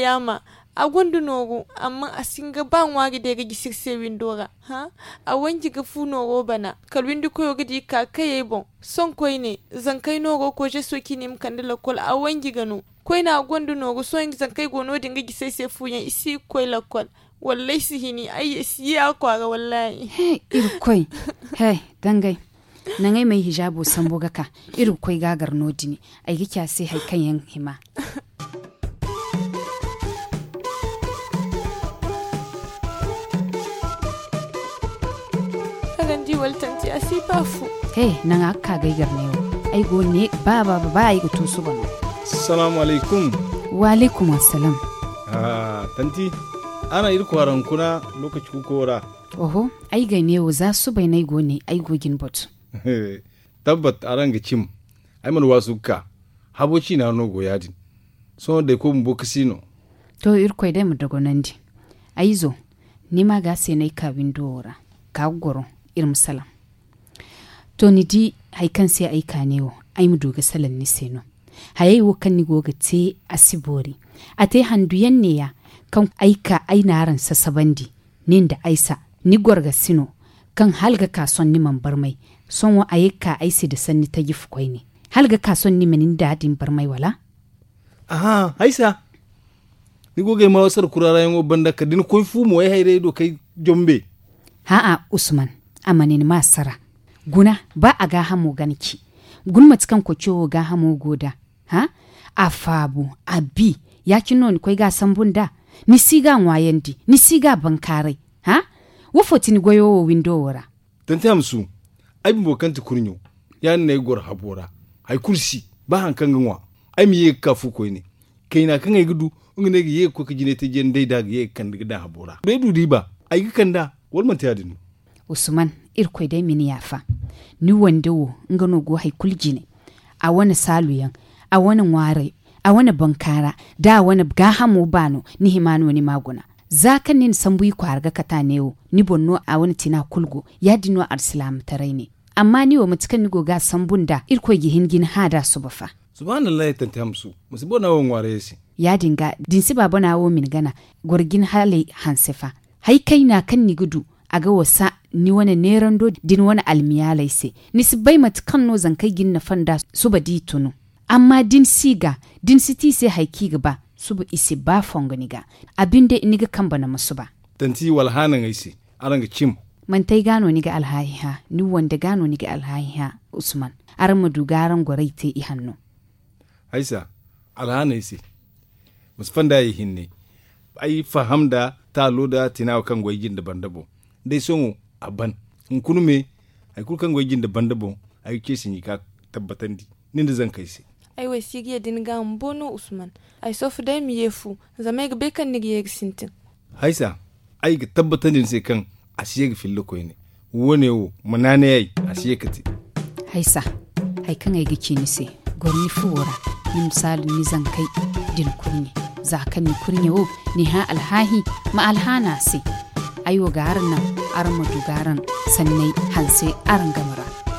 yama a agondu nogo amma a singa ba daga dega gisigse windora ha wanki ga fu nogo bana kalwindi koyo gidi ka kaye bon son ne zan kai nogo ko je soki nim kandala kol awanji gano na agondu nogo so ingi kai gono dinga gisigse fu yan isi koy la kol wallahi sihini ayi isi ya kwara wallahi hey irkoi [laughs] hey dangai nangai mai hijabu sambo gaka iru koi gagar ne ai gikiya sai kan yan hima kagan di waltan ti asi bafu hey nan akka gaigar ne ai go ne ba ba ba ai to su bana assalamu alaikum wa alaikum assalam ah tanti ana kwaran kuna lokaci kukora oho ai ga ne za su bai nai go ne ai gogin bot Eh, tabbat ga cim aiman wasu ka haboci na no go yadin so da ko mu bokasino to irko dai mu dago nandi aizo ni ma ga sai nai ka windora ka goro irin salam to ni di haikan sai aika ne wo ai mu doga salan ni seno hayai wo kan ni goga te asibori ate handu yanne ya kan aika sa sabandi nin da aisa ni gorga sino kan halga kasonni man barmai son wa ayyuka aisi da sanni ta gifu kwai ne halga kasonni menin da hadin barmai wala aha aisa. ni goge ma wasar kurara yango banda ka din kun fu mu wai haire do kai jombe ha a usman amanin masara guna ba a ga hamo ganki gun ko ciwo ga hamo goda ha a fabu a bi ya kinon kai ga sambunda ni siga wayandi ni siga bankarai ha wo fotin goyo wo windo wora tanti ai bi bokan ti kurnyo ya ne gor habora ai kursi ba han kan ganwa ai mi ka fu ko ne kai na kan ai gudu ne ye ko ka jine te jen dai da ye kan da habora be du riba ai kan da wal man ta dinu usman irkoi dai mini yafa ni wanda wo ngano go hai kuljine a wani saluyan a wani ware a wani bankara da wani gahamu bano ni himanu ni maguna ka nin sambui kwarga kataneu ni bonno wani tina kulgo yadino arsilam ne amma ni wa goga nigo ga sambunda irko ha hada su bafa subhanallah ya hamsu musibo na won ware yasi ya dinga si baba na wo min gana gorgin hale hansefa hai kai na kan ni gudu a ga wasa ni wani neran do din wani almiya laise ni si bai matikan no zankai gin na fanda su ba di tunu amma din siga din siti sai haiki gaba subu isi ba fongo niga abin da niga kan bana musu ba tanti wal hanan isi aranga chim man tai gano niga alhaiha ni wanda gano niga alhaiha usman ar madu garan gorai te i hannu aisa alhana isi fanda ya yi hinne ai faham da loda da kan gwaijin da bandabo dai a aban in kunume ai kulkan gwaijin da bandabo ai ke sin ka tabbatan di ninda zan kai sai ay din dinga mbono usman ay sofu dai miye fu zama ga bekan ni ga sintin haisa ai ga tabbatar din sai kan ashe ga fillo ko ne wone wo munane yayi ashe ka ti haisa ai kan ai ga kini sai gorni fuwara ni misali ni zan kai din kunni za ka ni kurnye wo ni ha alhahi ma alhana sai ayo garan nan armadu dugaran sannai hanse aran gamar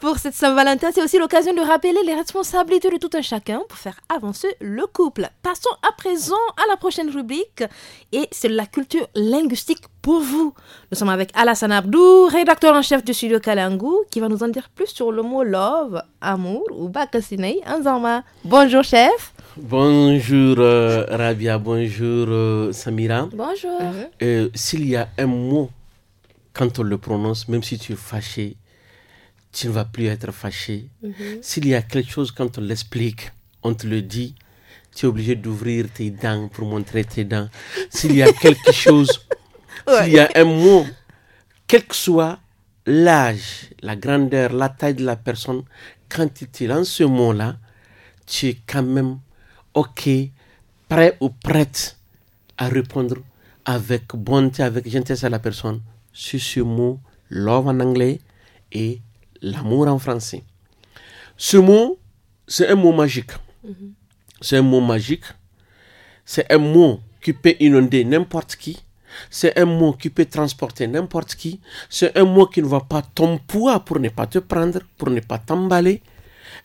Pour cette Saint-Valentin, c'est aussi l'occasion de rappeler les responsabilités de tout un chacun pour faire avancer le couple. Passons à présent à la prochaine rubrique et c'est la culture linguistique pour vous. Nous sommes avec Alassane Abdou, rédacteur en chef du studio Kalangu, qui va nous en dire plus sur le mot love, amour ou en Bonjour chef. Bonjour Ravia, euh, Rabia, bonjour euh, Samira. Bonjour. Euh, s'il y a un mot, quand on le prononce, même si tu es fâché, tu ne vas plus être fâché. Mhm. S'il y a quelque chose, quand on l'explique, on te le dit, tu es obligé d'ouvrir tes dents pour montrer tes dents. S'il y a [laughs] quelque chose, s'il y a un mot, quel que soit l'âge, la grandeur, la taille de la personne, quand tu te lances ce mot-là, tu es quand même OK, prêt ou prête à répondre avec bonté, avec gentillesse à la personne sur ce mot love en anglais et l'amour en français. Ce mot, c'est un mot magique. Mm-hmm. C'est un mot magique. C'est un mot qui peut inonder n'importe qui. C'est un mot qui peut transporter n'importe qui. C'est un mot qui ne va pas ton poids pour ne pas te prendre, pour ne pas t'emballer.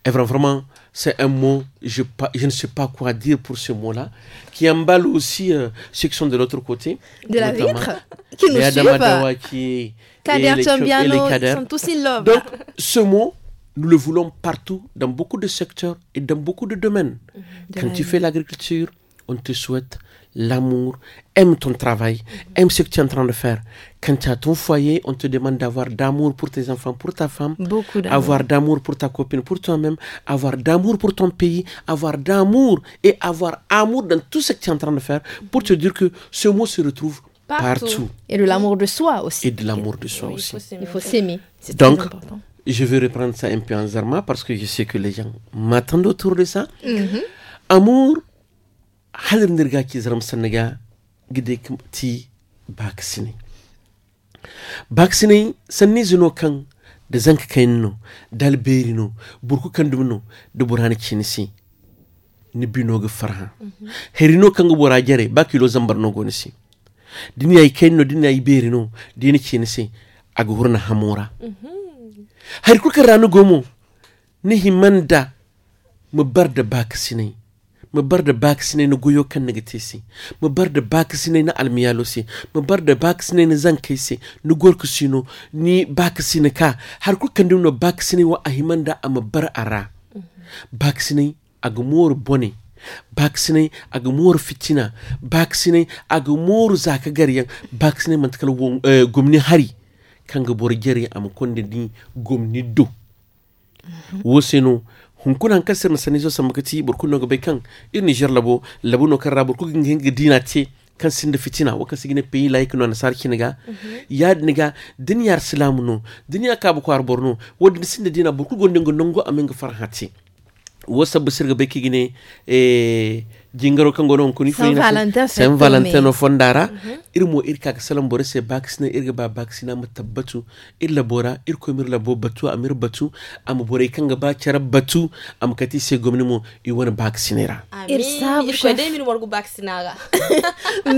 Et eh, vraiment, c'est un mot, je, ne sais pas quoi dire pour ce mot-là, qui emballe aussi euh, ceux qui sont de l'autre côté. De la vitre Qui nous et les, cadres sont tous in Donc, ce mot, nous le voulons partout, dans beaucoup de secteurs et dans beaucoup de domaines. Mhm. Quand tu fais l'agriculture, on te souhaite l'amour, aime ton travail, aime ce que tu es en train de faire. Quand tu as ton foyer, on te demande d'avoir d'amour pour tes enfants, pour ta femme, Beaucoup avoir d'amour pour ta copine, pour toi-même, avoir d'amour pour ton pays, avoir d'amour et avoir amour dans tout ce que tu es en train de faire pour te dire que ce mot se retrouve partout. Et de l'amour de soi aussi. Et de l'amour de soi aussi. Il faut s'aimer. C'est Donc, je vais reprendre ça un peu en zarma parce que je sais que les gens m'attendent autour de ça. Mhm. Amour, hal nirgaaki zaramsanaga gidek ti baksini baksini sanni zino kan da zanka kainno dalberino burku kan dumno da burhani kinisi ni bino ga farha herino kan bora jare ba kilo zambar no gonisi dini ay kainno dini ay berino kinisi aga hurna hamora mm -hmm. har kulka da gomo ni himanda mu bar da baksinai mu bar da baksinai na goyo kan negatesi mu bar da baksinai na almiyalose mu bar da baksinai na zan se ni gorku sino ni baksina ka har ku kan dinno baksinai wa ahiman da a bar ara baksinai a gumuwar bone baksinai a gumuwar fitina baksinai a gumuwar zaka gariyan baksinai mantakal eh, gumni hari kan ga borgere a makon da ni gumni do wosino hunkunan kasir na samu kati burkun no gabe kan irin niger labo labo no karra burku ginga dina ce kan sin da fitina waka sigine peyi laik no na sarki niga mhm. ya niga duniyar silamu no duniya ka bu kwar borno wadin sin da dina burku gonde gondongo amin ga farhati wasa kigine eh jingaro kan gono onkuni saint valentin valentino fondara mm -hmm. ir mo ir salam bore se vaccine ir ba vaccine ma tabbatu ir la ir ko mir la batu amir batu am bore kan ba cara batu am kati se gomni mo i wona vaccinera ir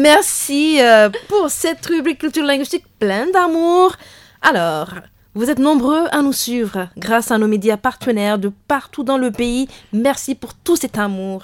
merci euh, pour cette rubrique culture linguistique pleine d'amour alors vous êtes nombreux à nous suivre grâce à nos médias partenaires de partout dans le pays. Merci pour tout cet amour.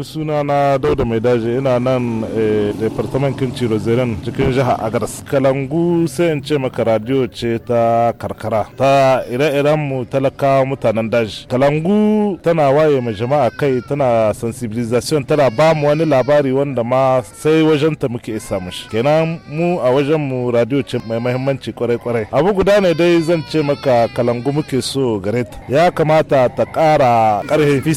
ni suna na dauda mai daji ina nan eh, departament kinci rozerin cikin jihar agadas kalangu sai in ce maka radio ce ta karkara ta ire-iren mu talaka mutanen daji kalangu tana waye ma jama'a kai tana sensibilization tana ba mu wani labari wanda ma sai wajen ta muke isa mushi kenan mu a wajen mu radio ce mai mahimmanci kwarai-kwarai abu guda ne dai zan ce maka kalangu muke so gare ya kamata ta kara karhe fi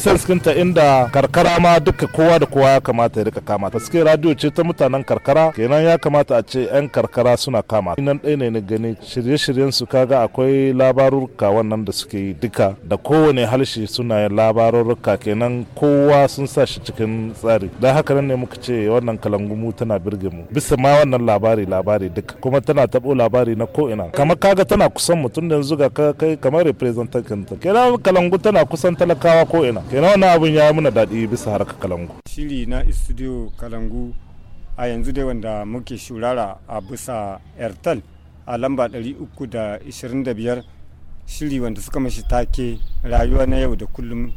inda karkara ma duk duka kowa da kowa ya kamata ya rika kama ta. suke radio ce ta mutanen karkara kenan ya kamata a ce yan karkara suna kama ta. nan ɗaya ne na gani shirye-shiryen su kaga akwai labarurka wannan da suke yi duka da kowane halshe suna yin labarurka kenan kowa sun sa shi cikin tsari da haka nan ne muka ce wannan kalangumu tana birge mu bisa ma wannan labari labari duka kuma tana tabo labari na ko'ina kamar kaga tana kusan mutum da yanzu ga kai kamar representant kenan kalangu tana kusan talakawa ko'ina kenan wannan abun ya muna daɗi bisa harkar kalangu shiri na studio kalangu a yanzu dai wanda muke shurara a bisa airtel a lamba 325 shiri wanda suka mashi take rayuwa na yau da kullum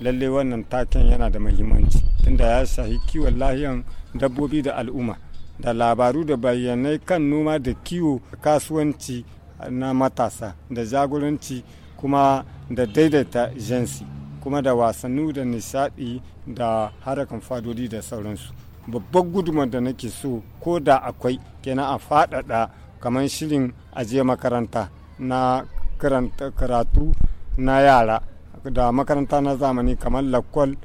lalle wannan taken yana da mahimmanci tunda ya shahi kiwon lahiyan dabbobi da al'umma da labaru da bayanai kan noma da kiwo kasuwanci na matasa da jagoranci kuma da daidaita jinsi kuma da wasannu da nishaɗi da harakan fadodi da sauransu babban gudumar da nake so ko da akwai kenan a faɗaɗa kamar shirin ajiye makaranta na karatu na yara da makaranta na zamani kamar lakwal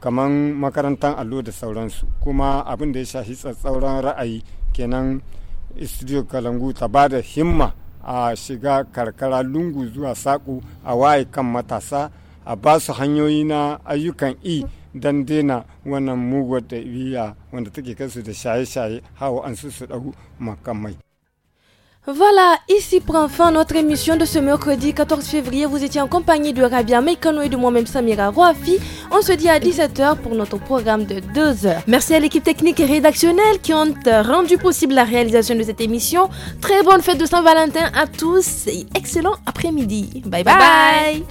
kamar makarantar allo da sauransu kuma abin da ya shafi tsatsauran ra'ayi kenan studio kalangu ta ba da himma a shiga karkara lungu zuwa saƙo a waye kan matasa Voilà, ici prend fin notre émission de ce mercredi 14 février. Vous étiez en compagnie de Rabia Meikano et de moi-même Samira Roafi. On se dit à 17h pour notre programme de 2h. Merci à l'équipe technique et rédactionnelle qui ont rendu possible la réalisation de cette émission. Très bonne fête de Saint-Valentin à tous et excellent après-midi. bye. bye.